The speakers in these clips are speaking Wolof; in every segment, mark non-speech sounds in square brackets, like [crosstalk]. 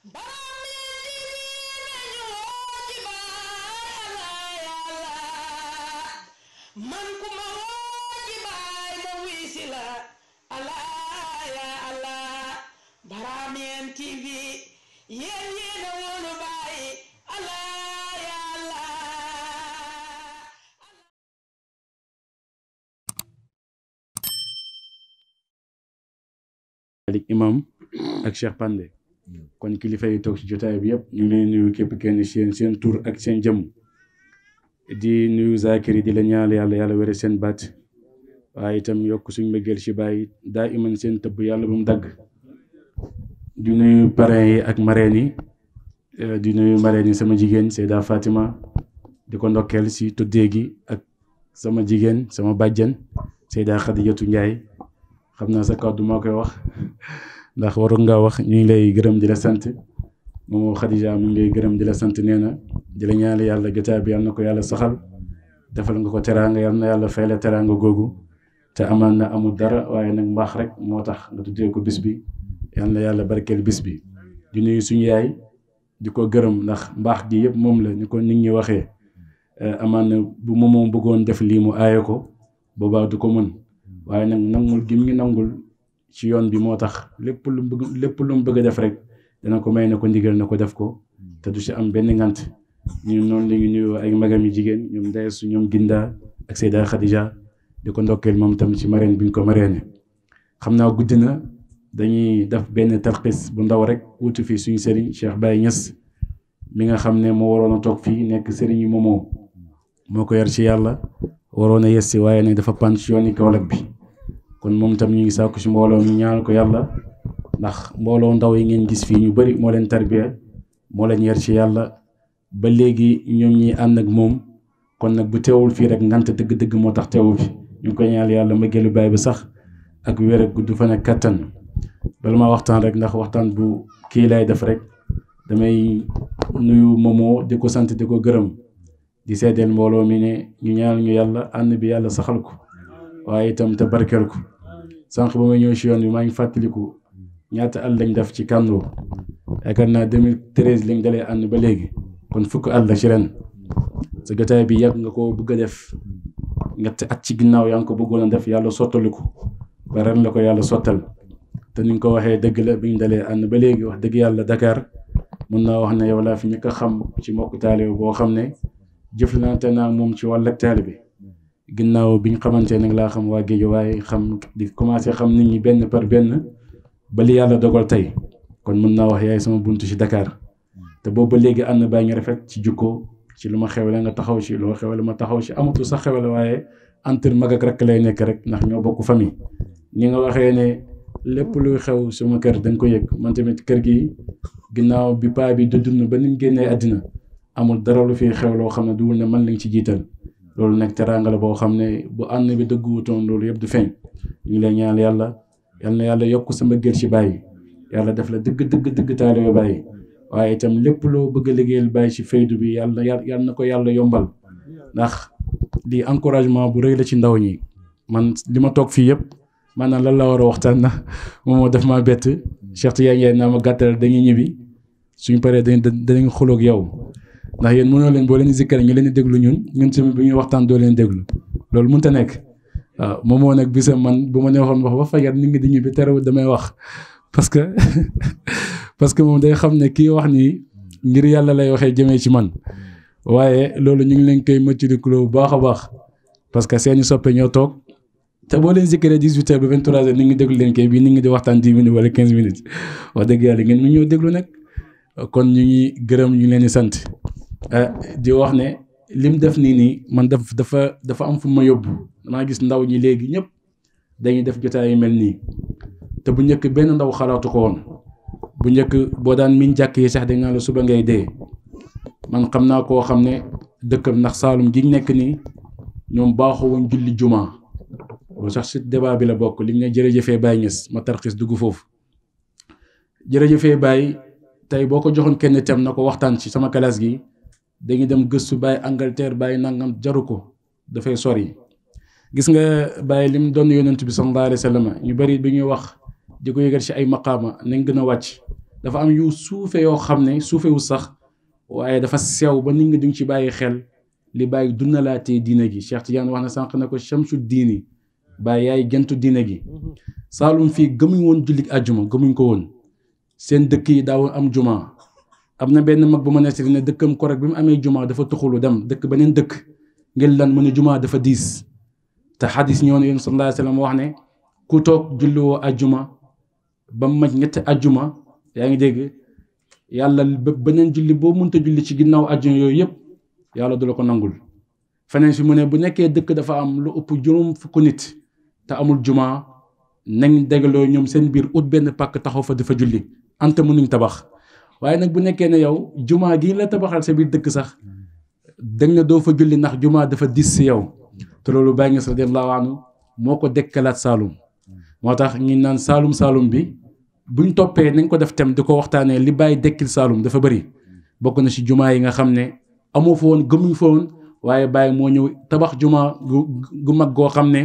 Malik Imam ak Cheikh Pandé kon kilifa yi toog ci jotaay bi yëpp ñu ngi leen nuyu képp kenn seen seen tur ak seen jëm di nuyu zakiri di la ñaal yàlla yàlla wére seen baat waaye itam yokk suñ mbëggeel si bàyyi daa iman seen tëbb yàlla bu mu dagg di nuyu parrain yi ak marraine yi euh, di nuyu marraine sama jigéen Seyda Fatima di ko ndokkeel si tuddee gi ak sama jigéen sama bàjjen Seyda Xadijatu Njaay xam naa sa kàddu moo koy wax [laughs] ndax waroon nga wax ñu ngi lay gërëm di la sant moom Khadija mu ngi gërëm di la sant nee na di la ñaanal yàlla jotaay bi yal na ko yàlla saxal defal nga ko teraanga yal na yàlla fay la teraanga googu te amaan na amul dara waaye nag mbaax rek moo tax nga tuddee ko bis bi yal na yàlla barkeel bis bi di nuyu suñu yaay di ko gërëm ndax mbaax gi yëpp moom la ni ko nit ñi waxee eh, amaan na bu moom bëggoon def lii mu aaye ko boobaa du ko mën waaye nag nangul ngi nangul ci yoon bi moo tax lépp lu bëgg lépp lu mu bëgg a def rek dana ko may na ko ndigal na ko def ko te du si am benn ngant ñu noonu la ñu ay magam yu jigéen ñoom ndeyesu ñoom gindaa ak Seyda Khadija di ko ndokkeel moom tamit ci marine bi ñu ko marine xam naa guddi na dañuy def benn tarxis bu ndaw rek wutu fii suñu sëriñ Cheikh Baye Niass mi nga xam ne moo waroon a toog fii nekk sëriñ yu moomoo moo ko yar ci yàlla waroon a si waaye ne dafa pan ci yooni Kaolack bi kon moom tamit ñu ngi sàkku ci mbooloo mi ko yàlla ndax mbooloo ndaw yi ngeen gis fii ñu bari moo leen tarbiya moo leen yar yàlla ba léegi ñoom ñi ànd ak moom kon nag bu teewul fii rek ngant dëgg-dëgg moo tax teewul fi ñu koy ñaanal yàlla mbëggeelu baay bi sax ak wér ak gudd fan ak bala maa waxtaan rek ndax waxtaan bu kii lay def rek damay nuyu Momo di ko sant di ko gërëm di seedeel mbooloo mi ne ñu ñaanal ñu yàlla ànd bi yàlla saxal ko. waaye itam te barkeel ko sànq ba may ñëw si yoon bi maa ngi fàttaliku ñaata at lañ def ci Kàndoo yaakaar naa 2013 lañ dalee ànd ba léegi kon fukk at la ci ren sa jotaay bi yàgg nga ko bëgg a def ñetti at ci ginnaaw yaa ngi ko bëggoon a def yàlla sottaliku ba ren la ko yàlla sottal te ni nga ko waxee dëgg la biñ dalee ànd ba léegi wax dëgg yàlla Dakar mun naa wax ne yow laa fi ñu ko xam ci mbokk taalibe boo xam ne jëflante naa moom ci wàllu taalibe bi ginnaaw bi ñu xamante ne laa xam waa waaye xam di commencé xam nit ñi benn par benn ba li yàlla dogal tey kon mën naa wax yaay sama bunt si Dakar te boobu ba léegi ànd baa ngi rafet ci jukko ci lu ma xewale nga taxaw ci ma xewale ma taxaw ci amatul sax xewale waaye entre mag ak rek lay nekk rek ndax ñoo bokk famille ñi nga waxee ne. lépp luy xew suma kër da nga ko yëg man tamit kër gi ginnaaw bi paa bi dëddun ba ni mu génnee àddina amul dara lu fi xew loo xam ne duwul ne man la ci jiital loolu nekk teraanga la boo xam ne bu ànd bi dëgguwutoon loolu yëpp du feeñ ñu ngi lay ñaan yàlla yal na yàlla yokk sama gër ci bàyyi yàlla def la dëgg dëgg dëgg taalibe bàyyi waaye itam lépp loo bëgg a liggéeyal bàyyi ci faydu bi yàlla yàlla na ko yàlla yombal ndax lii encouragement bu rëy la ci ndaw ñi man li ma toog fii yëpp maanaam lan la war a waxtaan na [laughs] moom moo def maa bett Cheikh Tidiane Ndiaye naa ma gàttal dañuy ñibbi suñu paree dañuy dañuy xuloo yow ndax yéen mënoo leen boo leen di zikkare ñu leen déglu ñun ñun tamit bu ñuy waxtaan doo leen déglu loolu mun a nekk waaw moom moo nag bisa man bu ma neexoon wax ba fajar nit ngi di ñu wax parce que [laughs] parce que moom day xam ne kii wax nii ngir yàlla lay waxee jëmee ci man waaye loolu ñu ngi leen koy mëccalikuloo bu baax a baax parce que seeni soppe ñoo toog te boo leen zikkaree dix-huit heures ba vingt-trois heures ni ngi déglu leen kay bii ni ngi di waxtaan dix minutes wala quinze minutes wax dëgg yàlla ngeen mu ñëw déglu nag kon ñu ngi gërëm ñu leen di sant Euh, di wax ne lim def nii nii man daf dafa dafa am fu ma yóbbu damaa gis ndaw ñi léegi ñëpp dañuy def jotaay yu mel nii te bu njëkk benn ndaw xalaatu ko woon bu njëkk boo daan miin jàkk yi sax dañ naan la suba ngay dee man xam naa koo xam ne dëkkam ndax Saalum gi nekk nii ñoom baaxoo woon julli juma loolu sax si débat bi la bokk li ñu ne jërëjëfee Baye Niass ma tarxis dugg foofu jërëjëfee Baye tey boo ko joxoon kenn tem na ko waxtaan si sama kalaas gi dañuy dem gëstu bàyyi Angleterre bàyyi nangam jaru ko dafay sor yi gis nga bàyyi li lim doon yonent bi sallallahu alayhi wa sallam ñu bari bi ñuy wax di ko yëgal ci ay maqaama nañ gën a wàcc dafa am yu suufe yoo xam ne suufewu sax waaye dafa sew ba nit ñi duñ ci bàyyi xel li bàyyi dundalaatee diina gi Cheikh Tidiane wax na sànq na ko chamsu diini bàyyi yaay gentu diina gi mhm. Saalum fii gëmuñ woon jullit àjjuma gëmuñ ko woon seen dëkk yi daawoon am juma am na benn mag bu ma nettali ne dëkkam korek bi mu amee jumaa dafa tuxulu dem dëkk beneen dëkk ngir lan mu ne jumaa dafa diis te xadis ñoo ne yéen sallallahu alayhi wasallam wax ne ku toog julliwoo ajjuma ba mu maj ñetti ajjuma yaa ngi dégg yàlla beneen julli boo mënta julli ci ginnaaw ajjuma yooyu yëpp yàlla du ko nangul feneen fi mu ne bu nekkee dëkk dafa am lu ëpp juróom fukk nit te amul jumaa nañ dégaloo ñoom seen biir ut benn pàkk taxaw fa dafa julli ante mënuñ tabax waaye nag bu nekkee ne yow jumaa gi la tabaxal sa biir dëkk sax dañ na doo fa julli ndax jumaa dafa diis si yow te loolu Baay Ñas radiyallaahu anhu moo ko dekkalaat Saalum moo tax ñu naan Saalum Saalum bi buñ toppee nañ ko def tem di ko waxtaanee li bàyyi dekkil Saalum dafa bari bokk na ci jumaa yi nga xam ne amoo fa woon gëmuñ fa woon waaye bàyyi moo ñëw tabax jumaa gu mag goo xam ne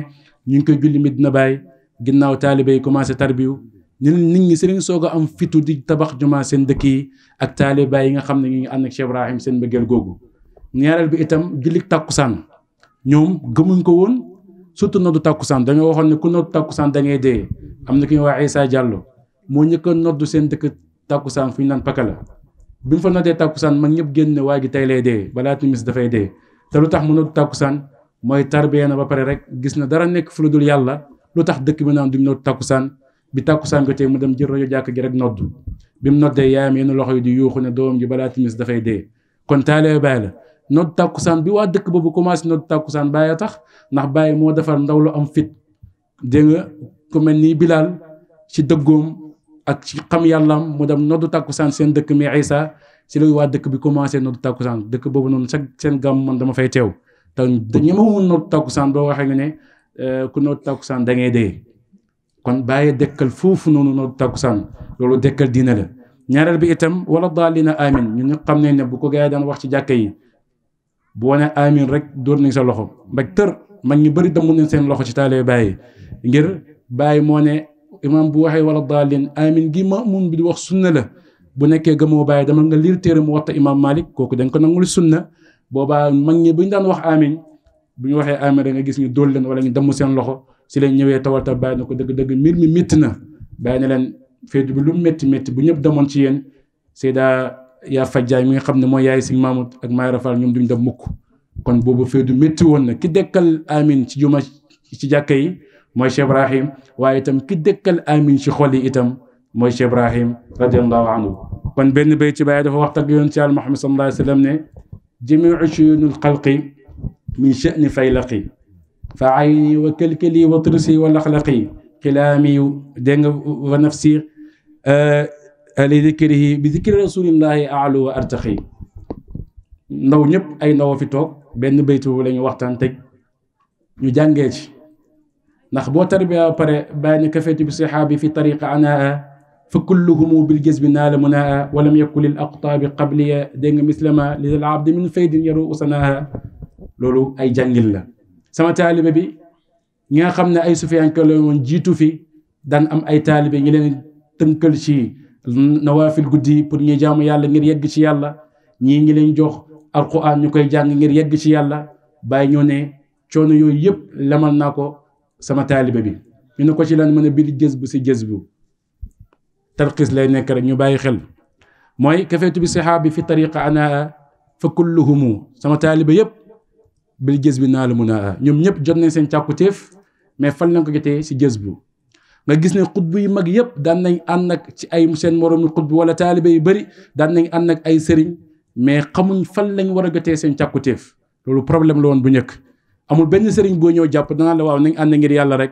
ñu ngi koy julli Medina Baay ginnaaw taalibe yi commencé tarbiyu ñeneen nit ñi seen soog a am fitu di tabax jumaa seen dëkk yi ak taaliba yi nga xam ne ñu ànd ak Cheikh Ibrahim seen mbëggeel googu. ñaareel bi itam jullit tàkkusaan ñoom gëmuñ ko woon surtout noddu tàkkusaan dañoo waxoon ne ku noddu tàkkusaan da ngay dee am na ki ñuy wax Issa Diallo moo njëkk a noddu seen dëkk tàkkusaan fu ñu naan la bi mu fa noddee tàkkusaan man ñëpp génn waa ji tey lay dee balaa timis dafay dee te lu tax mu noddu tàkkusaan mooy tarbiya na ba pare rek gis na dara nekk fu yàlla lu tax dëkk bi naan duñ noddu tàkkusaan bi tàkkusaan jotee mu dem jël rajo jàkk gi rek nodd bi mu noddee yaayam yenn loxo yi di yuuxu ne doom ji balaa timis dafay dee kon taalee baay la nodd tàkkusaan bi waa dëkk boobu commencé nodd tàkkusaan baay a tax ndax baay moo defar ndaw lu am fit dégg nga ku mel ni bilaal ci dëggoom ak ci xam yàllaam mu dem noddu tàkkusaan seen dëkk mi Isa si la waa dëkk bi commencé noddu tàkkusaan dëkk boobu noonu chaque seen gàmm man dama fay teew te ñemewuñu noddu tàkkusaan boo waxee nga ne ku noddu tàkkusaan da ngay dee kon baye dekkal fofu nonu no takusan loolu dekkal dina la ñaaral bi itam wala dalina amin ñun ñu xamne ne bu ko gaay daan wax ci jakkay bu boo amin rek dóor ni sa loxo mbag tër mag ñu bari damm nañ seen loxo ci talay baye ngir baye mo ne imam bu waxe wala dalin amin gi maamun bi di wax sunna la bu nekké gëmoo baye dama nga lire téere mu wata imam malik koku dañ ko nangul sunna boba mag ñi buñ daan wax amin buñ waxe amin rek nga gis ñu dóol leen wala ñu damm seen loxo si lañ ñëwé tawal ta na ko dëgg dëgg mir mi métti na bàyyi leen feetu bi lu métti métti bu ñëpp demoon ci yéen sayda ya fajjaay mi nga xam ne yaay sing Mamoud ak may rafal ñum duñ dem mukk kon bobu feetu métti won na ki dekkal amin ci juma ci jakkay moy Cheikh Ibrahim waye tam ki dekkal amin ci xol yi itam moy Cheikh Ibrahim radiallahu anhu kon benn bay ci baye dafa wax ak yoon ci al Muhammad sallallahu alayhi wasallam ne jamiu shuyunul khalqi min sha'ni faylaqi فعيني وكلكلي وطرسي والأخلاقي كلامي دنغ ونفسي آه،, أه لذكره بذكر رسول الله أعلو وأرتخي نو نيب اي نو في توك بن بيتو لا ني وقتان تك ني جانغيتي ناخ بو تربيا بري باين كفيتي بصحابي في طريق انا فكلهم بالجذب نال منا ولم يكن الاقطاب قبلي دنغ مثلما للعبد من فيد يرو لولو اي جانغيل sama talibé bi ñi nga xamné ay ay ko lay won jitu fi dan am ay talibé ñi leen teunkel ci nawafil guddi pour ñi jaamu yàlla ngir yegg ci yàlla ñi ngi leen jox alquran ñu jàng ngir yegg ci yàlla bay ñu ne choono yoy yëpp lamal nako sama talibé bi ñu ko ci lan mëna a biri jës bu ci jës bu tarxis lay nek rek ñu bàyyi xel moy kafetu bi sahabi fi tariqa ana fa kulluhum sama talibé yëpp bil bi naa la mun a ñoom ñëpp jot nañ seen càkkutéef mais fan lañ ko jotee si gis bi nga gis ne xutbu yu mag yëpp daan nañ ànd ak ci ay seen moroomu xutbu wala taalibe yu bëri daan nañ ànd ak ay sëriñ mais xamuñ fan lañ war a jotee seen càkkutéef loolu problème la woon bu njëkk amul benn sëriñ boo ñëw jàpp danaa la waaw nañ ànd ngir yàlla rek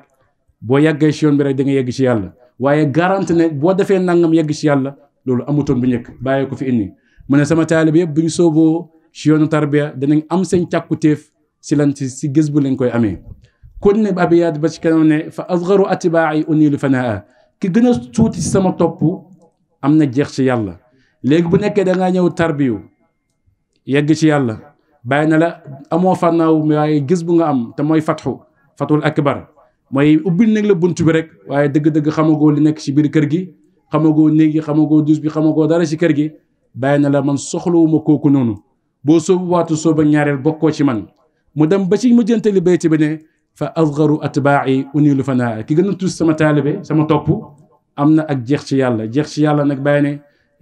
boo yàggee si yoon bi rek da nga yegg si yàlla waaye garanti ne boo defee nangam yegg si yàlla loolu amutoon bu njëkk bàyyee ko fi indi mu ne sama taalibe yëpp bu ñu sooboo si yoonu tarbiya danañ am seen càkkutéef سلنتي سجزبو لينكوي امي كن بابيات باش كانون فاصغر اتباعي اني لفناء كي جنس توتي سما توبو امنا جيخش يالا ليك بو نيك دا نا نيو تربيو يغشي يالا باينا لا امو فناو ماي جزبو nga am تا موي فتحو فتح الاكبر موي اوبين نك لا بونتو بي رك واي دغ دغ خماغو لي نيك سي بير كيرغي خماغو دوس بي خماغو دارا سي كيرغي باينا لا من سخلو مكو كو واتو سوبو نياريل بوكو mu dem ba ci mujjantali bayti bi ne fa asgaru atbaai unilu fanaa ki gën a tuus sama taalibe sama topp am na ak jeex ci yàlla jeex ci yàlla nag bàyyi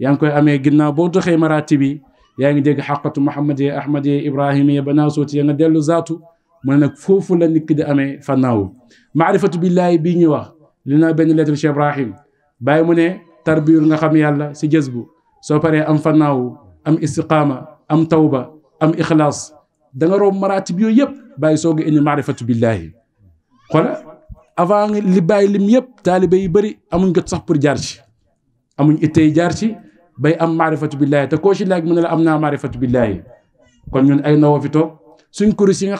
ne koy amee ginnaaw boo doxee maraati bi dégg xaqatu muhammad ya ahmad ya ibrahim ya banaasooti ya nga dellu zaatu mu ne nag la nit ki di amee fannaawu maarifatu billaahi bii ñuy wax li naa benn lettre cheikh ibrahim bàyyi mu ne tarbiyul nga xam yàlla si jës bu soo am fannaawu am istiqaama am tawba am ixlaas da nga romb maratib yooyu yëpp bàyyi soog a indi maarifatu avant li lim amuñ sax pour ci amuñ ci bay am ci ne la am naa maarifatu kon ñun ay suñ kuris yi nga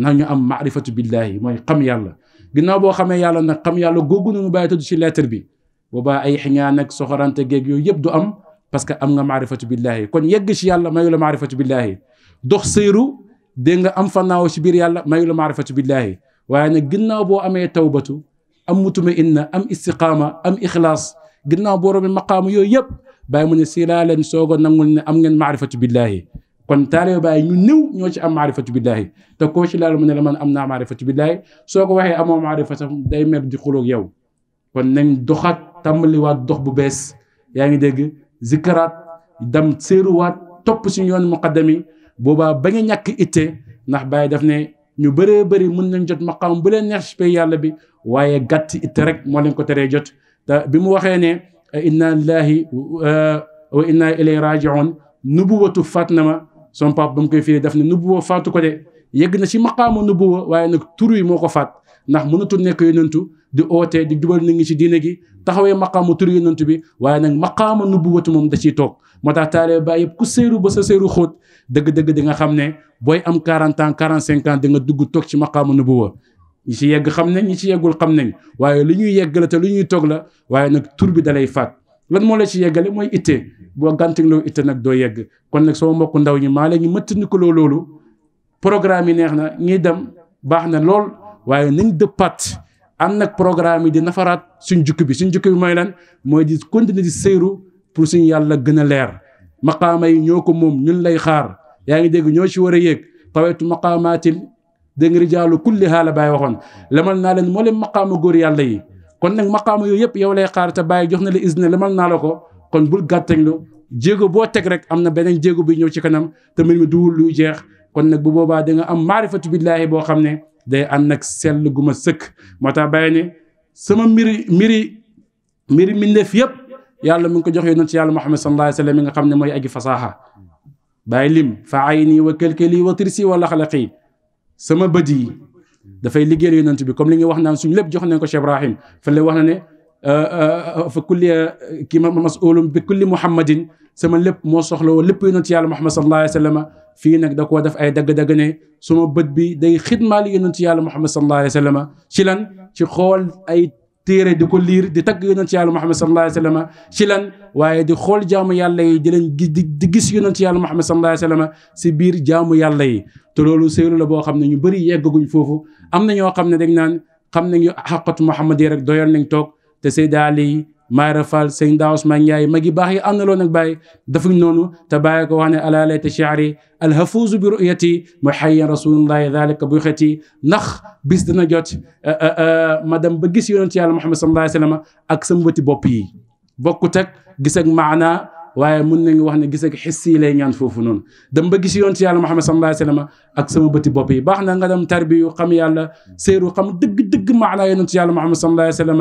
lañ nañ fi na ñu am xam yàlla yàlla xam yàlla ci lettre bi boobaa ay xiñaan ak soxorante géeg yooyu yëpp du am parce que am nga maarifatu billahi kon yegg ci yàlla mayu la maarifatu billahi dox séeru dégg nga am fanaaw ci biir yàlla mayu la maarifatu billahi waaye nag ginnaaw boo amee tawbatu am mutuma inna am istiqaama am ixlaas ginnaaw boo robi maqaamu yooyu yëpp bàyyi mu ne si laa leen soog a nangul ne am ngeen maarifatu billahi kon taalibe bàyyi ñu néew ñoo ci am maarifatu billahi te koo ci laal mu ne la man am naa maarifatu billahi soo ko waxee amoo maarifatu day mer di xuloog yow kon nañ doxaat tambali wat dox bu bes yaangi deg zikrat dam seru wat top suñu yoon muqaddami boba ba nga ñak ité nax Baye daf ne ñu bëre bëri mën nañ jot maqam bu len neex pe yàlla bi waye gàtt ité rek mo len ko téré jot ta bi mu waxee ne inna lillahi wa inna ilayhi raji'un nubuwatu fatnama son pap ba mu koy firi daf ne nubuwa fatu ko de yegg na ci maqamu nubuwa waye nak tur yi moo ko faat ndax mënatul nekk yonentu di ootee di jubal nit ñi ci diine gi taxawee maqaamu turu yonent bi waaye nag maqaama nubuwatu moom da ciy toog moo tax taalee baa yëpp ku séeru ba sa séeru dëgg-dëgg di nga xam ne booy am 40 ans 45 ans di nga dugg toog ci maqaamu nubuwa ñi ci yegg xam ne ñi ci yeggul xam ne waaye li ñuy yegg la te lu ñuy toog la waaye nag tur bi dalay faat lan moo la ci yeggale mooy ittee boo gàntigloo itte nag doo yegg kon nag sama mbokku ndaw ñi maa la ñu mëtt ni ko loolu programme yi neex na ñiy dem baax na lool waaye nañ dëppaat am nag programme yi di nafaraat suñ jukki bi suñ jukki bi mooy lan mooy di continuer di seyru pour suñu yàlla gën a leer maqaama yi ñoo ko moom ñun lay xaar yaa ngi dégg ñoo ci war a yéeg tawetu maqaamaatil dégg nga rijaalu kulli haala bàyyi waxoon lamal naa leen moo leen maqaama góor yàlla yi kon nag maqaama yooyu yëpp yow lay xaar te bàyyi jox na la isne lamal naa la ko kon bul gàttañlu jéego boo teg rek am na beneen jéego bi ñëw ci kanam te mbir mi duwul luy jeex kon nag bu boobaa da nga am maarifatu billaahi boo xam ne day ànd ak sell gu ma sëkk moo sama miri miri miri mbindeef yeb yàlla mu ko jox yonent yàlla Muhammad sallallahu alaihi wasallam nga xamne moy mooy aji fasaaxa bàyyi lim fa ayni wa kalkali wa tirsi wa laxlaqi sama bët da fay liggéeyal yonent bi comme li nga wax nan suñ lépp jox nañ ko Cheikh Ibrahim fa la wax na ne fa kulli kima masulum bi kulli muhammadin sama lépp moo soxla woo lépp yonent yàlla muhammad sallallahu alayhi wa sallam fii nag da koo def ay dagg-dagg ne suma bët bi day xidmaal yonent yàlla muhammad sallallahu alayhi wa sallam ci lan ci xool ay téere di ko liir di tagg yonent yàlla muhammad sallallahu alayhi wa sallam ci lan waaye di xool jaamu yàlla yi di leen di gis yonent yàlla muhammad sallallahu alayhi wa sallam si jaamu yàlla yi te loolu séeru la boo xam ñu bëri yeggaguñ foofu am na ñoo dañ naan xam nañu xaqatu muhammad rek doyal nañ toog te Seyda Ali Mayra Fall sëñ Daa Ousmane Ndiaye mag yi baax yi àndaloon ak Baye defuñ nonu te Baye ko wane ala alaa layta shi'ri al hafuz bi ru'yati muhayyan rasulullah dhalika bi khati nakh bis dina jot madam ba gis yonent yàlla Muhammad sallallahu alayhi wasallam ak sama bëti bopp yi bokut ak gis ak maanaa waye mun nañu wax ne gis ak hissi lay ñaan fofu noonu dem ba gis yonent yàlla Muhammad sallallahu alayhi wasallam ak sama beuti bop yi baxna nga dem tarbiyu xam yàlla séeru xam deug deug maanaa yonent yàlla Muhammad sallallahu alayhi wasallam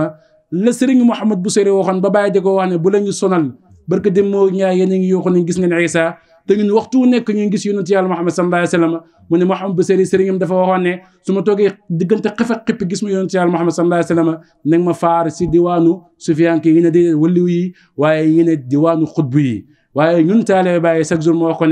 la sëriñ Mouhamed Bousiri waxone ba baye di waxne bu lañu sonal barke dem mo ñaay yene ngi yooxu nañ gis ngeen Isa te ñun waxtu nek ñu gis yunus yàlla mohammed sallallahu alayhi wasallam mo ne Mouhamed Bousiri serigne dafa waxone suma toge digeunte xef ak xep gis mu yunus yàlla mohammed sallallahu alayhi wasallam nek ma faar ci diwanu sufyan ki ne di waliw wi waye yi diwanu khutbu yi waye ñun taale baye chaque jour mo ko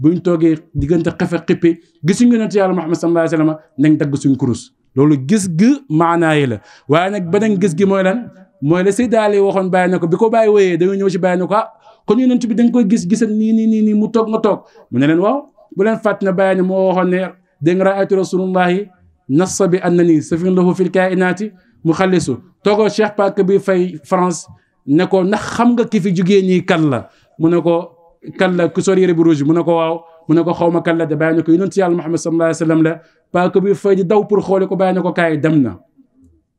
buñ toge digeunte xef ak xep gis ngeen yunus yàlla mohammed sallallahu alayhi wasallam nek dag suñ kurus loolu gis gu maana yi la waaye nag beneen gis gi mooy lan mooy la sayda Ali waxoon bàyyi na ko bi ko bàyyi wooyee dañoo ñëw ci bàyyi na ko ah kon yonent bi da koy gis gisam nii nii nii nii mu toog nga toog mu ne leen waaw bu leen fàtt na bàyyi ne moo waxoon ne dégg nga ayatu rasulullahi nassa bi annani safin lahu fil kainaati mu xalisu toogoo Cheikh Pak bi fay France ne ko ndax xam nga ki fi jugee nii kan la mu ne ko kan la ku sori yére bu rouge mu ne ko waaw mu ne ko xaw ma kan la de bàyyi na ko yonent yàlla Muhammad sallallahu alayhi wa sallam la paaka bi fay daw pour xoole ko bàyyi na ko kaay dem na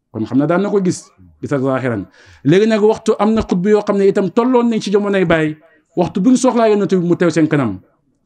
kon xam na daan na ko gis gis ak zaaxiran léegi nag waxtu am na xutbu yoo xam ne itam tolloon nañ ci jamonoy bàyyi waxtu bu soxla soxlaa yonent bi mu teew seen kanam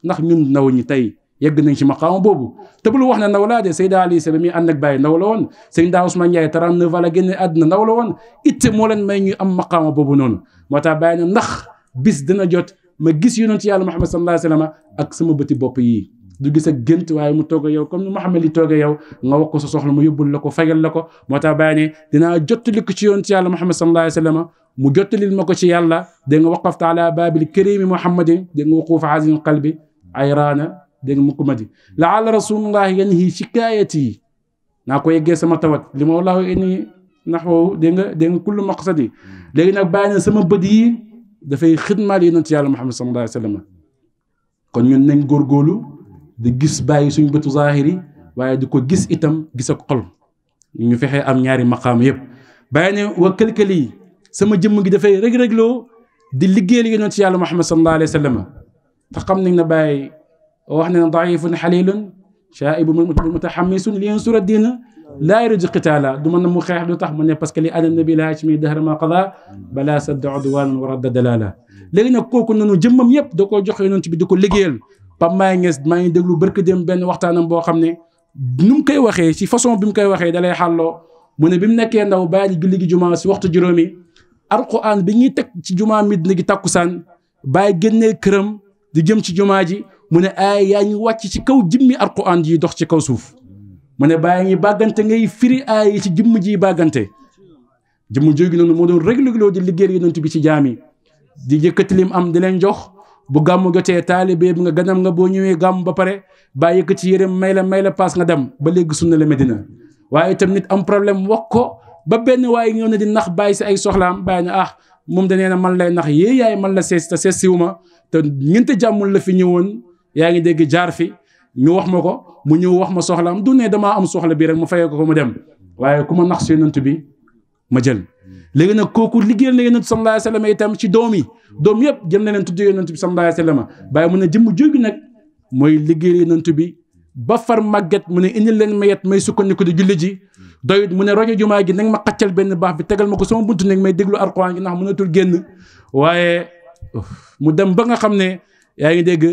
ndax ñun ndaw ñi tey yegg nañ ci maqaama boobu te bul wax ne ndaw laa de Seyda Ali Sebe mi ànd ak bàyyi ndaw la woon sëñ daa Ousmane Ndiaye 39 ans la génne àdduna ndaw la woon itte moo leen may ñuy am maqaama boobu noonu moo tax bàyyi na ndax bis dina jot ma gis yonent yàlla Muhammad sallallahu alayhi wa sallam ak sama bëti bopp yi du gis ak gént waye mu toog yow comme ni Mouhamed li toog yow nga wax ko sa soxla mu yobul lako ko fayal la ko moo tax bàyyi ko ci yoon ci yàlla Mouhamed sallallahu alayhi wasallam mu jotali mako ci yàlla de nga waqaf ala babil karim Mouhamadin de nga waqaf azim qalbi ayrana de nga mukumadi laala rasulullahi yanhi shikayati na ko yegge sama tawat li ma wallahu inni nahwu de nga de nga kullu maqsadi legi nak bàyyi sama beud yi da fay khidma li yoon ci yàlla Mouhamed sallallahu alayhi wasallam sallam kon ñun nañ gorgolu di gis bàyyi suñu bëtu zaahir yi waaye di ko gis itam gis ak xol ñu fexe am ñaari maqaam yëpp bàyyi ne wa këlkëli sama jëmm gi dafay rëg-rëgloo di liggéeyal yonent ci yàlla Muhammad sallallahu alayhi wa sallam te xam nañ na bàyyi wax ne daifun xalilun shaibun mutaxamisun li yansura diina لا يرجع قتالا دوما نمو خيح دو تخ lu باسكو لي ne parce que li ana nabi laa ci mi dahra ma qada balaa sadda udwaanan wa ييب دوكو léegi nag بي دوكو ليغيال Pape Maye Niass maa ngi déglu barke dem benn waxtaanam boo xam ne nu mu koy waxee ci façon bi mu koy waxee dalay xàlloo mu ne bi mu nekkee ndaw bàyyi julli gi jumaa si waxtu juróomi alquran bi ñuy teg ci jumaa mid na gi takkusaan bàyyi génnee këram di jëm ci jumaa ji mu ne aay yaa ngi wàcc ci kaw jimmi alquran yi dox ci kaw suuf mu ne bàyyi ngi bàggante ngay firi aay yi ci jëmm ji bàggante jëmm jooju noonu moo doon réglé loo di liggéey yonent bi ci jaam yi di yëkkati lim am di leen jox bu gàmmu jotee taalibe bi nga ganam nga boo ñëwee gàmm ba pare bàyyi ko ci yërëm may la may la paas nga dem ba léegi sunna la Medina waaye tamit nit am problème wax ko ba benn waaye ñëw na di nax bàyyi si ay soxlaam bàyyi na ah moom da nee na man lay nax yée yaay man la sees te sees ma te ñeent jàmmul la fi ñëwoon yaa ngi dégg jaar fi ñu wax ma ko mu ñëw wax ma soxlaam du ne damaa am soxla bi rek mu fayee ko ko mu dem waaye ku ma nax si yonent bi ma jël léegi nag kooku liggéeyal na yonent sallallahu alayhi wasallam itam ci doom yi doom yëpp jël na leen tudd yonent bi sallallahu alayhi wasallam bàyyi mu ne jëmm jógi nag mooy liggéeyal yonent bi ba far màgget mu ne indil leen mayet may sukkandiku di julli ji doyut mu ne rojo jumaa gi nag ma xaccal benn baax bi tegal ma ko sama buntu nag may déglu alxuraan gi ndax mënatul génn waaye mu dem ba nga xam ne yaa ngi dégg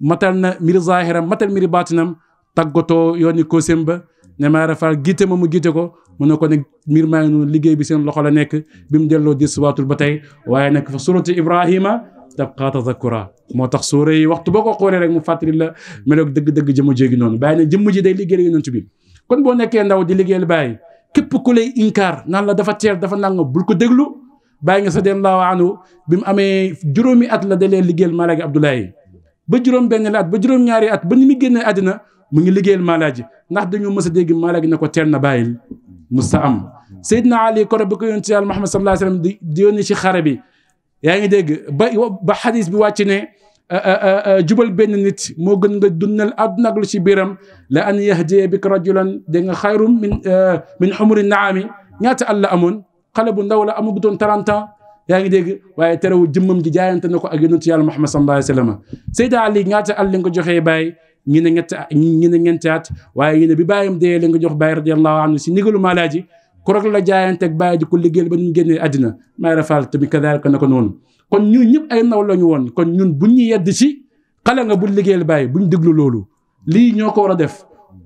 matal na mbiri zaahiram matal mbiri baatinam tàggatoo yooni kooséem ba ne maa rafal giite ma mu giite ko mu ne ko nag mbir maa ngi noonu liggéey bi seen loxo la nekk bi mu delloo di suwaatul ba tey waaye nag fa surati ibrahima tabqa tadakura moo tax suure yi waxtu boo ko xoolee rek mu fàttali la meloog dëgg-dëgg jëmm jéegi noonu bàyyi ne jëmm ji day liggéeyal yonent bi kon boo nekkee ndaw di liggéeyal bàyyi képp ku lay inkaar naan la dafa teel dafa nangam bul ko déglu bàyyi nga sa deen laawa anu bi mu amee juróomi at la dalee liggéeyal Maalaaji Abdoulaye ba juróom benn la at ba juróom ñaari at ba ni mu génnee àddina mu ngi liggéeyal Maalaaji ndax dañoo mës a dégg Maalaaji ne ko teel na bàyyil مستعم سيدنا علي كرب كو يونس محمد صلى الله عليه وسلم ديوني شي خربي يعني ديغ با حديث بي واتي ني جبل بن نيت مو غن نغا دونال ادنا لو شي بيرم لان يهدي بك رجلا ديغ خير من من حمر النعام نيات الله امون قلب دولة امو دون 30 يعني ديغ واي تيرو جيمم جي جاينت نكو اك يونس محمد صلى الله عليه وسلم سيدنا علي نيات الله نكو جوخي باي ñu ne ñetti ñu ne ñeenti at waaye ñu ne bi bàyyam dee la nga jox bàyyi radiyallahu anhu si ndigalu maalaaji korog la jaayanteeg bàyyi di ko liggéeyal ba ñu génnee àddina may rafal tamit kadaalika na ko noonu kon ñun ñëpp ay ndaw lañu woon kon ñun buñ ñu yedd si xale nga bu liggéeyal bàyyi buñ déglu loolu lii ñoo ko war a def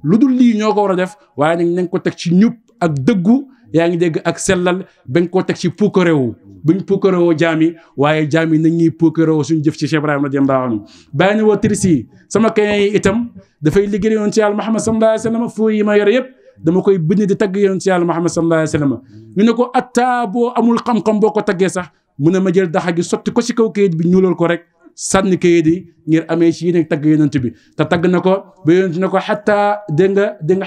lu dul lii ñoo ko war a def waaye nag nañ ko teg ci ñub ak dëggu yaa ngi dégg ak sellal bañ koo teg ci puukarewu buñ pokoro wo jami waye jami nañ ñi pokoro wo suñ jëf ci Cheikh Ibrahima radiyallahu anhu bayni wo trisi sama keneen yi itam fay liggéey yoon ci yàlla Muhammad sallallahu alayhi wasallam fu yima yor yeb dama koy bind di tagg yoon ci yàlla Muhammad sallallahu alayhi wasallam ñu ne ko attaa amul xam-xam boo ko sax mu ne ma jël daxa gi sotti ko ci kaw kayit bi ñuulal ko rek sànni kayit yi ngir amé ci yéen tagg yonent bi ta tagg nako ko ba yonent na ko xataa dégg nga dégg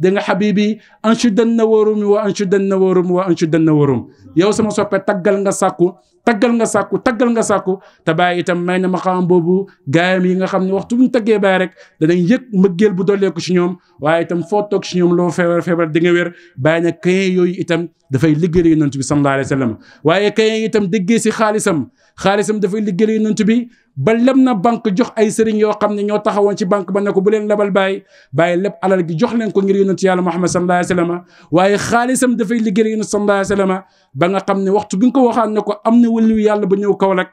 dégg nga xabibi anshud an nawarum wa anshud an nawarum wa anshud an nawarum yow sama soppe taggal nga sàkku taggal nga sàkku taggal nga sàkku te bàyyi itam may na ma xam boobu gaayam yi nga xam ne waxtu buñ taggee baay rek danañ yëg mbëggeel bu dolleeku si ñoom waaye itam foo toog si ñoom loo feebar feebar di nga wér bàyyi na kaye yooyu itam dafay liggéeyal yonent bi sallallahu alayhi wa sallam waaye kaye itam déggee si xaalisam xaalisam dafay liggéeyal yonent bi ba leb na banque jox ay serigne yo xam ño taxawon ci bank ba ne bu len lebal bay bay lepp alal gi jox len ko ngir yunus yàlla Muhammad sallallahu alaihi wasallam waye khalisam da fay liggéey yunus sallallahu alaihi wasallam ba nga xam waxtu bi nga ko waxan ne amna am yàlla ba ñëw kawlak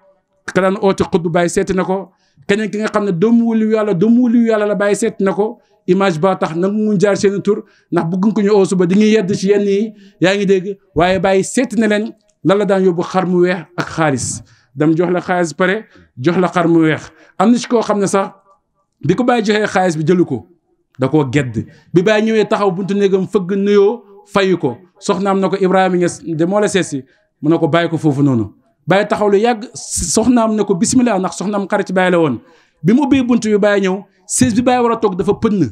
ka o ci xuddu bay set na ko ki nga xam dom doomu yàlla dom wëliwu yàlla la bay set na image ba tax nak mu jaar seen nak bu bëgguñ ko ñu oo suba di ngi yedd ci yenn yi yaa ngi dégg waaye bàyyi seeti na len la la dan yobu xarmu mu weex ak khalis dem jox la xaalis pare jox la xar mu weex am na ci koo xam ne sax bi ko bàyyi joxee xaalis bi jëlu ko da koo gedd bi bàyyi ñëwee taxaw buntu négam fëgg nuyoo fayu ko soxnaam na ko Ibrahima Niass de moo la seet mu ne ko bàyyi ko foofu noonu bàyyi taxaw lu yàgg soxnaam ne ko bismillah ndax soxnaam xarit bàyyi la woon bi mu ubbee buntu bi bàyyi ñëw siis bi bàyyi war a toog dafa pënn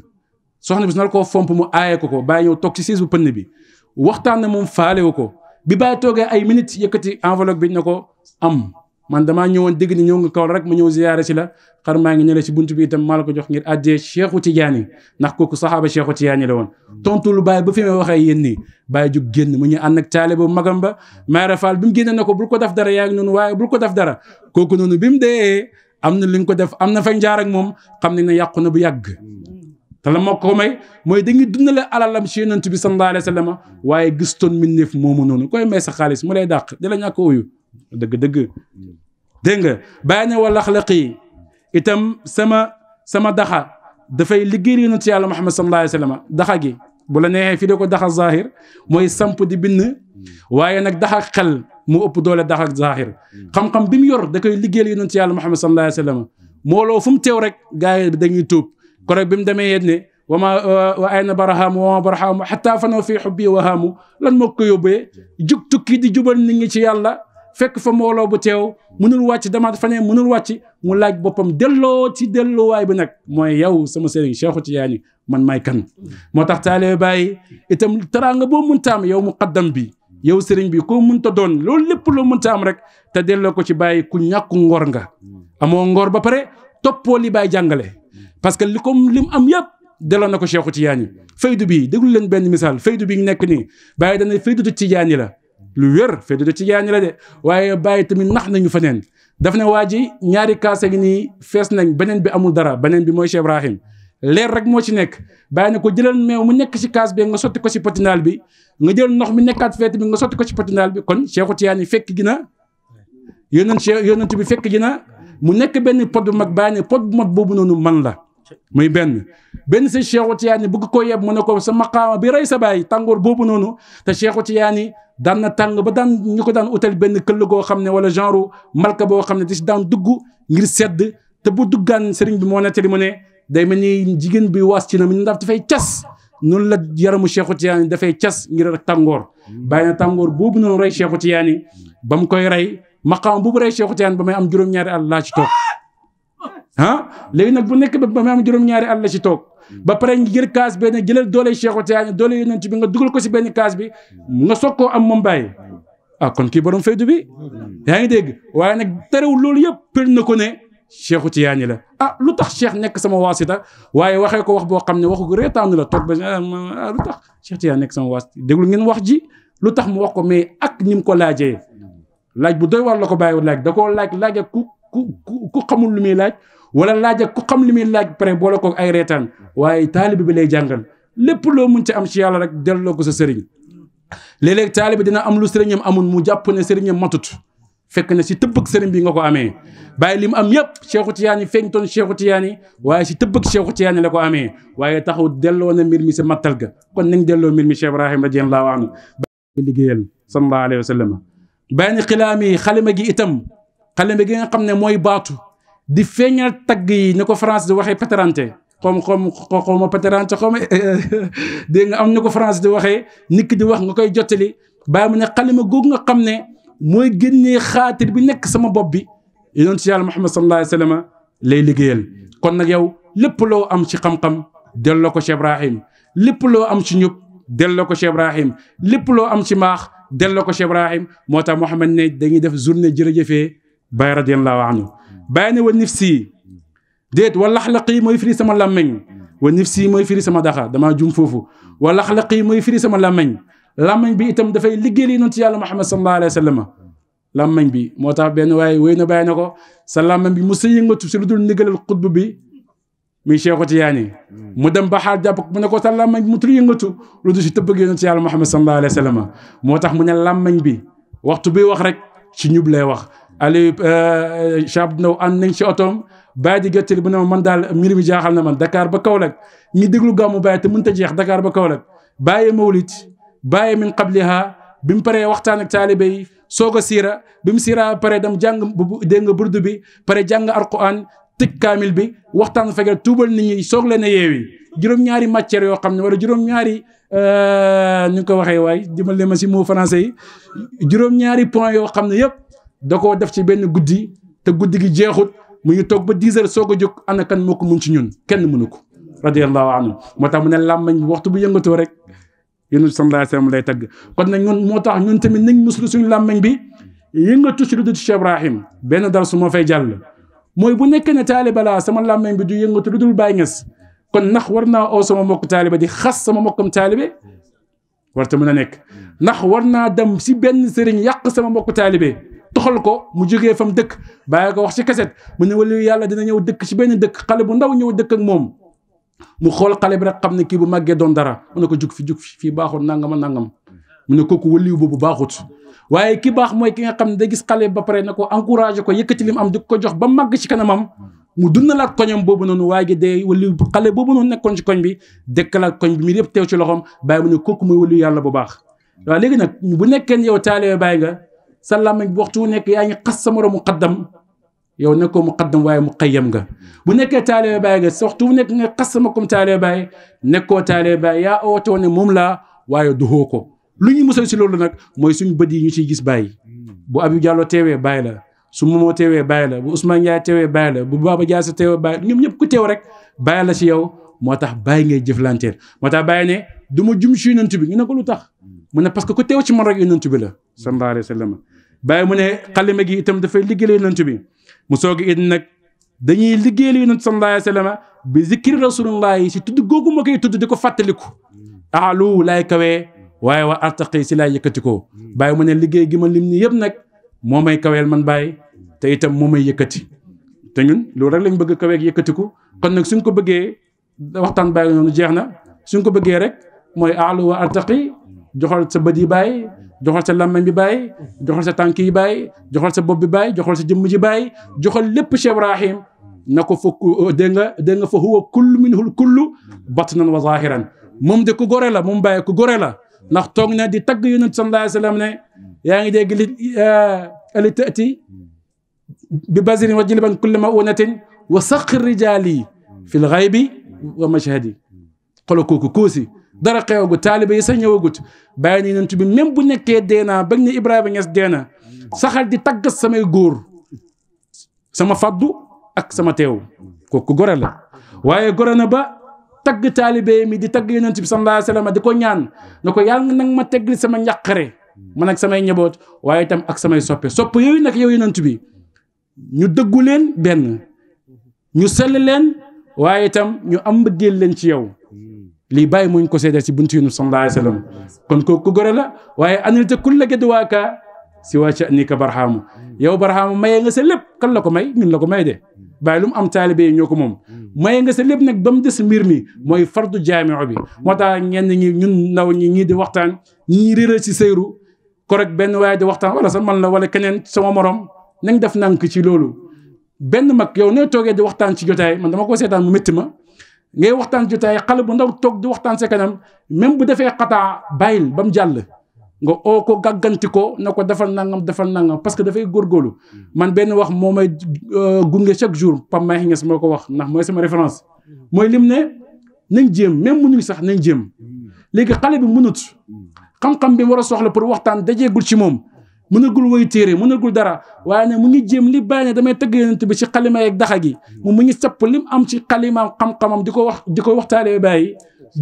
soxna bi su na koo fomp mu aaye ko ko bàyyi ñëw toog ci siis bu pënn bi waxtaan na moom faalewu ko bi bàyyi toogee ay minute yëkkati enveloppe bi ne ko am man damaa ñëwoon dégg ni ñëw nga kaw rek ma ñëw ziyaare si la xar maa ngi ñële si buntu bi itam maa la ko jox ngir àjjee Cheikhu Tidiane ndax kooku saxaaba Cheikhu Tidiane la woon tontu lu bàyyi ba fi may waxee yéen nii bàyyi jug génn mu ñu ànd ak taalibu magam ba maa Fall bi mu génne na ko bul ko def dara yaa ngi noonu waaye bu ko def dara kooku noonu bi mu dee am na li nga ko def am na fay njaar ak moom xam ne ne yàqu na bu yàgg te la moo ko may mooy da nga dundale alalam si yonent bi sallallahu alayhi wa sallam waaye gistoon mbindeef moomu noonu koy sa xaalis mu lay dàq di la ñàkk uyu دق دق دنگ بين ولا خلقي يتم سما سما دخا دفاي ليغيري نتي يالله محمد صلى الله عليه وسلم دخا جي بولا نيه في دكو دخا ظاهر موي سامب دي بن وايي نك دخا خل مو اوب دوله دخا ظاهر خم خم بيم يور داكاي ليغيل نتي يالله محمد صلى الله عليه وسلم مولو فم تيو رك غاي داغي توب كو رك بيم دامي يدني وما واين برهام وما برهام حتى فنوا في حبي وهامو لن موك يوبي جوك توكي دي جوبل نيغي تي يالله fekk fa mooloo bu teew mënul wàcc demaat faneen mënul wàcc mu laaj boppam delloo ci delloowaay bi nag mooy yow sama sëriñ Cheikhu Tijaani man may kan moo tax taalibe bàyyi itam teraanga boo mun mënta am yow muqaddam bi yow sëriñ bi koo ta doon loolu lépp loo mënta am rek te delloo ko ci Baay ku ñàkku ngor nga amoo ngor ba pare toppoo li Baay jàngale parce que li ko li mu am yëpp delloo na ko Cheikhu Tijaani faydu bi déglu leen benn misaal faydu bi ñu nekk nii Baay dana faydu Tijaani la lu wér fee du ci yaa ñi la de waaye bàyyi tamit nax nañu feneen daf ne waa ji ñaari kaase gi nii fees nañ beneen bi amul dara beneen bi mooy Cheikh Ibrahim leer rek moo ci nekk bàyyi ne ko jëlal meew mu nekk ci kaas bi nga sotti ko ci potinaal bi nga jël ndox mu nekkaat feet bi nga sotti ko ci potinaal bi kon Cheikhu Tiyaani fekk ji na yonent Cheikh yonent bi fekk ji na mu nekk benn pot bu mag bàyyi ne pot bu mag boobu noonu man la muy benn benn si Cheikhu Tiyaani bëgg ko yeb mu ne ko sa maqaama bi rey sa baay tàngoor boobu noonu te Cheikhu Tiyaani daan na tàng ba daan ñu ko daan utal benn këll goo xam ne wala genro malka boo xam ne di si daan dugg ngir sedd te bu duggaan sëriñ bi moo nettali mu ne day mel ni jigéen bi waas ci na mu daf dafay cas noonu la yaramu Cheikhu Tiyaani dafay cas ngir rek tàngoor bàyyi na tàngoor boobu noonu rey Cheikhu Tiyaani ba mu koy rey maqaama bu rey Cheikhu Tiyaani ba may am juróom-ñaari laa ci ah léegi nag bu nekk ba ma am juróom-ñaari at la ci toog ba pare ngir kaas benn jëlal doole Cheikhu Tidiane doole yonent bi nga dugal ko si benn kaas bi nga soog koo am moom bàyyi ah kon kii borom faydu bi yaa ngi dégg waaye nag terewul loolu yëpp për na ko ne Cheikhu Tidiane la ah lu tax Cheikh nekk sama waasita waaye waxee ko wax boo xam ne waxu ko reetaanu la toog ba ah, lu tax Cheikh Tidiane nekk sama waasita déglu ngeen wax ji lu tax mu wax ko mais ak ni ko laajee laaj bu doy war la ko bàyyiwul laaj da koo laaj laaj ak ku ku ku xamul lu muy laaj wala laaj ak ku xam li muy laaj pare boole ko ay reetaan waaye taalibe bi lay jàngal lépp loo mun ci am si yàlla rek delloo ko sa sëriñ léeg-léeg taalibe dina am lu sëriñam amun mu jàpp ne sëriñam matut fekk na si tëbbëg sëriñ bi nga ko amee bàyyi li mu am yëpp Cheikhu Tiyaani feeñtoon Cheikhu Tiyaani waaye si tëbbëg Cheikhu Tiyaani la ko amee waaye taxaw delloo na mbir mi sa mattal ga kon nañ delloo mbir mi Cheikh Ibrahim radiyallahu anhu ba liggéeyal sallallahu alayhi wa sallam bàyyi ni xilaam yi xalima gi itam xalima gi nga xam ne mooy baatu di feeñal tag yi ni ko France di waxe pétarante xom xom xom pétarante xom de nga am ni ko France di waxe nit di wax nga koy jotali bàyyi mu ne xalima gog nga xamne moy genné génnee bi nek sama bopp bi yonent si yàlla Muhammad sallallahu alayhi wasallam sallam lay liggéeyal kon nak yow lépp lo am ci xam-xam delloo ko Cheikh Ibrahim lépp lo am ci ñub delloo ko Cheikh Ibrahim lépp lo am ci max delloo ko Cheikh Ibrahim mota muhammad ne dañuy def journée jërëjëfee bay radiyallahu anhu bàyyi ne wa nif sii déet wa laxlaqi mooy firi sama làmmeñ wa nif sii mooy firi sama daxa damaa jum foofu wa laxlaqi mooy firi sama làmmeñ làmmeñ bi itam dafay liggéeyal yonent yàlla Muhammad sallallahu alayhi wa sallam làmmeñ bi moo tax benn waaye wéy na bàyyi na ko sa làmmeñ bi mu sa yëngatu si lu dul ndigalal xutb bi muy Cheikhu Tiyaani mu dem ba xaar jàpp mu ne ko sa làmmeñ bi mu tul yëngatu lu dul si tëbbëg yonent yàlla Muhammad sallallahu alayhi wa sallam moo tax mu ne làmmeñ bi waxtu bi wax rek ci ñub lay wax Aliou Chab Ndaw ànd nañ si otoom di gerteel bu ne man daal mbir mi jaaxal na man Dakar ba Kaolack ñi déglu gàmmu bàyyi te mënut jeex Dakar ba Kaolack bàyyi mawlit bàyyi min qabliha bi mu paree waxtaan ak taalibe yi soog a siira bi mu siira pare dem jàng dégg nga burdu bi pare jàng alquran tëj kaamil bi waxtaan fegal tuubal nit ñi soog leen a yeewi naari matière yoo xam wala juróom-ñaari ñu ko waxee waay dimbal leen ma si mot français yi naari point yoo xam ne da koo def ci benn guddi te guddi gi jeexut mu ngi toog ba 10 heures soog a jóg ana kan moo ko mun ci ñun kenn mënu ko radiallahu anhu moo tax mu ne làmmañ waxtu bu yëngatoo rek yéen sallallahu alayhi wa sallam lay tagg kon nag ñun moo tax ñun tamit nañ muslu suñu làmmañ bi yëngatu ci lu dul Cheikh Ibrahim benn dara su ma fay jàll mooy bu nekkee ne taaliba laa sama làmmañ bi du yëngatu lu dul Baay Ñas kon ndax war naa oo sama mbokk taalibe di xas sama mbokkam taalibe warta mën a nekk ndax war naa dem si benn sëriñ yàq sama mbokk taalibe doxal ko mu joge fam dëkk baye ko wax ci cassette mu ne waliyu yàlla dina ñëw dëkk ci ben dëkk xale bu ndaw ñëw dëkk ak mom mu xol xale bi rek xamne ki bu magge don dara mu ne ko jug fi jug fi fii baaxul nangama nangam mu ne ko ko kooku bu bu baxut waye ki bax moy ki nga xamne ne da gis xale ba pare nako encourager ko yekati lim am di ko jox ba mag ci kanamam mu dundalaat koñam bobu noonu waji de dee xale bobu non nekkon ci koñ bi dekkalaat koñ bi mi yëpp tew ci loxom baye mu ne ko ko moy waliyu yàlla bu bax wa léegi nak bu nekkene yow talew bàyyi nga sa làmmiñ bu waxtu nekk yaa ngi xas sa moroom muqaddam yow nekkoo muqaddam waaye muqayyam nga bu nekkee taalibe baay nga sa waxtu nekk nga xas sama comme taalibe baay nekkoo taalibe baay yaa ootoo ne moom laa waaye duhoo ko lu ñu musal si loolu nag mooy suñu bët yi ñu ciy gis bàyyi bu Abib Diallo teewee bàyyi la su Momo teewee bàyyi la bu Ousmane Ndiaye teewee bàyyi la bu Baba Dia sa teewee bàyyi la ñoom ñëpp ku teew rek bàyyi la si yow moo tax bàyyi ngay jëflanteel moo tax bàyyi ne du ma jum si yonent bi ñu ne ko lu tax mu ne parce que ku teew ci man rek yonent bi la sallallahu alayhi wa sallam bay mu ne xalima gi itam dafay liggéeyal yonent bi mu soog it nag dañuy liggéeyal yonent sallallahu alayhi wa sallam bi zikri rasulullahi si tudd googu ma koy tudd di ko fàttaliku aalu laay kawee waaye waa artaqi si laay yëkkatikoo bàyyi mu ne liggéey gi ma lim ni yëpp nag moo may kaweel man bàyyi te itam moo may yëkkati te ñun loolu rek lañ bëgg kaweeg yëkkatiku kon nag suñ ko bëggee waxtaan bàyyi noonu jeex na suñ ko bëggee rek mooy alu wa artaqi joxol sa bët yi bàyyi joxal sa làmmañ bi bàyyi joxol sa tànk yi bàyyi joxal sa bopp bi bàyyi joxal sa jëmm ji bàyyi joxal lépp Cheikh Ibrahim na ko fa dégg nga dégg nga fa huwa kullu minhul kullu batnan wa zahiran moom de ku gore la moom bàyyi ku gore la ndax toog na di tagg yonent sallallahu alayhi wa sallam ne yaa ngi dégg li li tati bi basirin wa jilban kulli unatin wa saqi rijaali fi lxaybi wa mashhadi xola kooku koosi dara xewagu taaliba yi sa ñëwagut bàyyi na yonent bi même bu nekkee deena bañ ne Ibrahima Niass deena saxal di tagg samay góor sama faddu ak sama teew kooku gore la waaye gore na ba tagg taalibe mi di tagg yonent bi sallallahu alayhi wasallam di ko ñaan ko yàlla nag ma tegli sama njàqare man ak samay njaboot waaye itam ak samay soppe sopp yooyu nag yow yonent bi ñu dëggu leen benn ñu sell leen waaye itam ñu am mbëggeel leen ci yow li bay muñ ko sédé ci buntu yunus sallallahu alayhi wasallam kon ko ko gore la waaye anilta kulla gadwaaka si waa sha'nika barhaamu yow barhaamu maye nga sa lépp kan la may ñun la may de bàyyi lu am taalibe yi ñoo ko nga sa lépp nag ba mu des mi mooy fardu jaamiu bi moo tax ñi ñun ndaw ñi ñii di waxtaan ñii réeral si sëyru korek benn waaye di waxtaan wala sa man la wala keneen sama morom nañ def nank ci loolu benn mag yow nee toogee di waxtaan ci jotaay man dama ko seetaan mu métti ma ngay waxtaan jotaay xale bu ndaw toog di waxtaan sa kanam même bu defee xataa bàyyil ba mu jàll nga oo ko gàgganti ko na ko defal nangam defal nangam parce que dafay góorgóorlu man benn wax moo may euh, gunge chaque jour Pape Mahi Niass moo ko wax ndax mooy sama référence mooy lim ne nañ jéem même mënuñ sax nañ jéem léegi xale bi mënut xam-xam bi mu war a soxla pour waxtaan dajeegul ci moom mënagul woy téré mënagul dara wayé ne mu ngi jëm li bañé damay tëgg yonent bi ci xalima ak daxa gi mu mu ngi sapp lim am ci xalima xam-xamam diko wax diko waxtalé waxtaanee bàyyi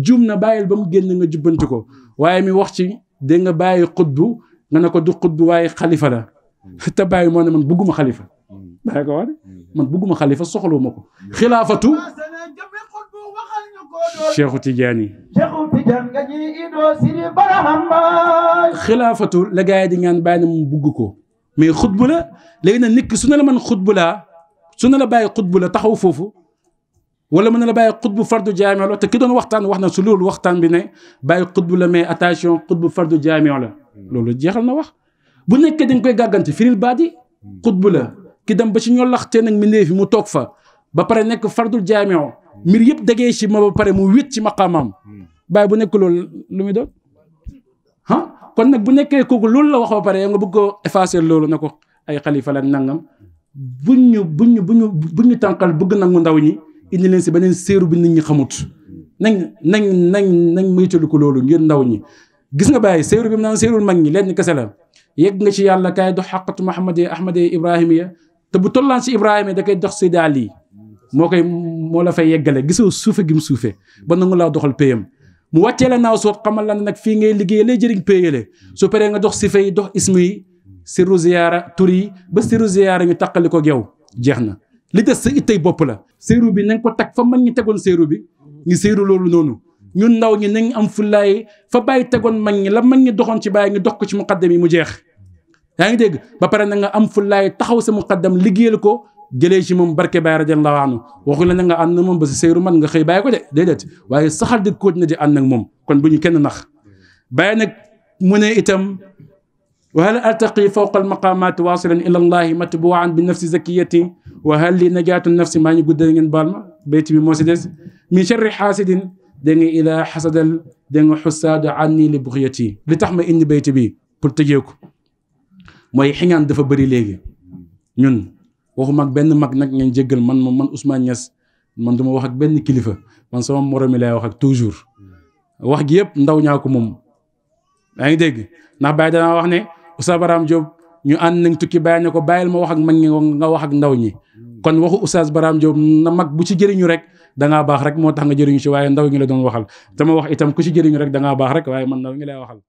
juum na bàyyil ba génn nga jubbanti ko waaye mi wax ci de nga bàyyi xuddu nga ne ko du xuddu wayé khalifa la te bàyyi mo ne man buguma khalifa bàyyi ko wax man buguma khalifa soxlo mako khilafatu شيخ تيجاني خلافة لقاية ديان بان مبوغوكو مي خطبو لا لينا نيك سنة لمن خطبو لا سنة لباي خطبو لا تخو فوفو ولا من لا باي قطب فرد جامع لو تكيدون وقتان وحنا سلول وقتان بيني باي قطب لا مي اتاشيون قطب فرد جامع لا لولو جيخل نا واخ بو نيك دنج كوي غاغانتي فيل بادي قطب لا كي دم باش نيو لاختي نك مندي في مو توك فا با بري نيك فرد جامع mbir yëpp dagee ci ma ba pare mu wét ci maqaamam hmm. bàyyi bu nekk loolu lu muy doon ah kon nag bu nekkee kooku loolu la wax ba pare nga bëgg koo effacer loolu na ko ay xalifa la nangam buñ ñu buñ ñu buñ ñu ñu tànqal bëgg nangu ndaw ñi indi leen si beneen séeru bi nit ñi xamut nañ nañ nañ nañ moytandiku loolu ngir ndaw ñi gis nga bàyyi séeru bi mu naan séerul mag ñi leen kese la yegg nga ci yàlla kaay dox xaqatu Muhammad Ahmad Ibrahima ya te bu tollaan si Ibrahima da koy dox si daal yi moo koy moo la fay yeggale gisoo suufe gi mu suufe ba nangu laa doxal payam mu wàccee la naaw soot xamal la ne nag fii ngay liggéey lay jëriñ payale su paree nga dox sifa yi dox ismu yi siru yi ba siru ziyaara ñu taqali ko yow jeex na li des sa ittay bopp la séeru bi nañ ko tag fa mag ñi tegoon séeru bi ñu séeru loolu noonu ñun ndaw ñi nañ am fullaay fa bàyyi tegoon mag ñi la mag ñi doxoon ci bàyyi ngi dox ko ci muqaddam yi mu jeex yaa ngi dégg ba pare na nga am fullaay taxaw sa muqaddam liggéeyal ko jëlee ci moom barke Baay radiyallahu anhu waxu la na nga ànd na moom ba si seyru man nga xëy bàyyi ko de déedéet waaye saxal di koot na di ànd ak moom kon bu ñu kenn nax bàyyi nag mu ne itam وهل ألتقي فوق المقامات واصلا إلى الله متبوعا بنفس زكيتي وهل لي نجاة النفس ما نقول دين بالما بيتي بموسيدس من شر حاسد دين إلى حسد دين حساد عني لبغيتي لتحمى إني بيتي بي pour tejeko moy xiñaan dafa bari légui ñun waxu mag benn mag nag ngeen jéggal man moom man Ousmane Niass man du ma wax ak benn kilifa man sama moromi lay wax ak toujours wax gi yëpp ndaw ñaa ko moom. yaa ngi dégg ndax Baye danaa wax ne Oussa Baram Diop ñu ànd nañ tukki bàyyi ne ko bàyyil ma wax ak mag ñi nga wax ak ndaw ñi kon waxu Oustaz Baram Diop na mag bu ci jëriñu rek dangaa baax rek moo tax nga jëriñu ci waaye ndaw ñi la doon waxal te ma wax itam ku ci jëriñu rek danga baax rek waaye man ndaw ñi lay waxal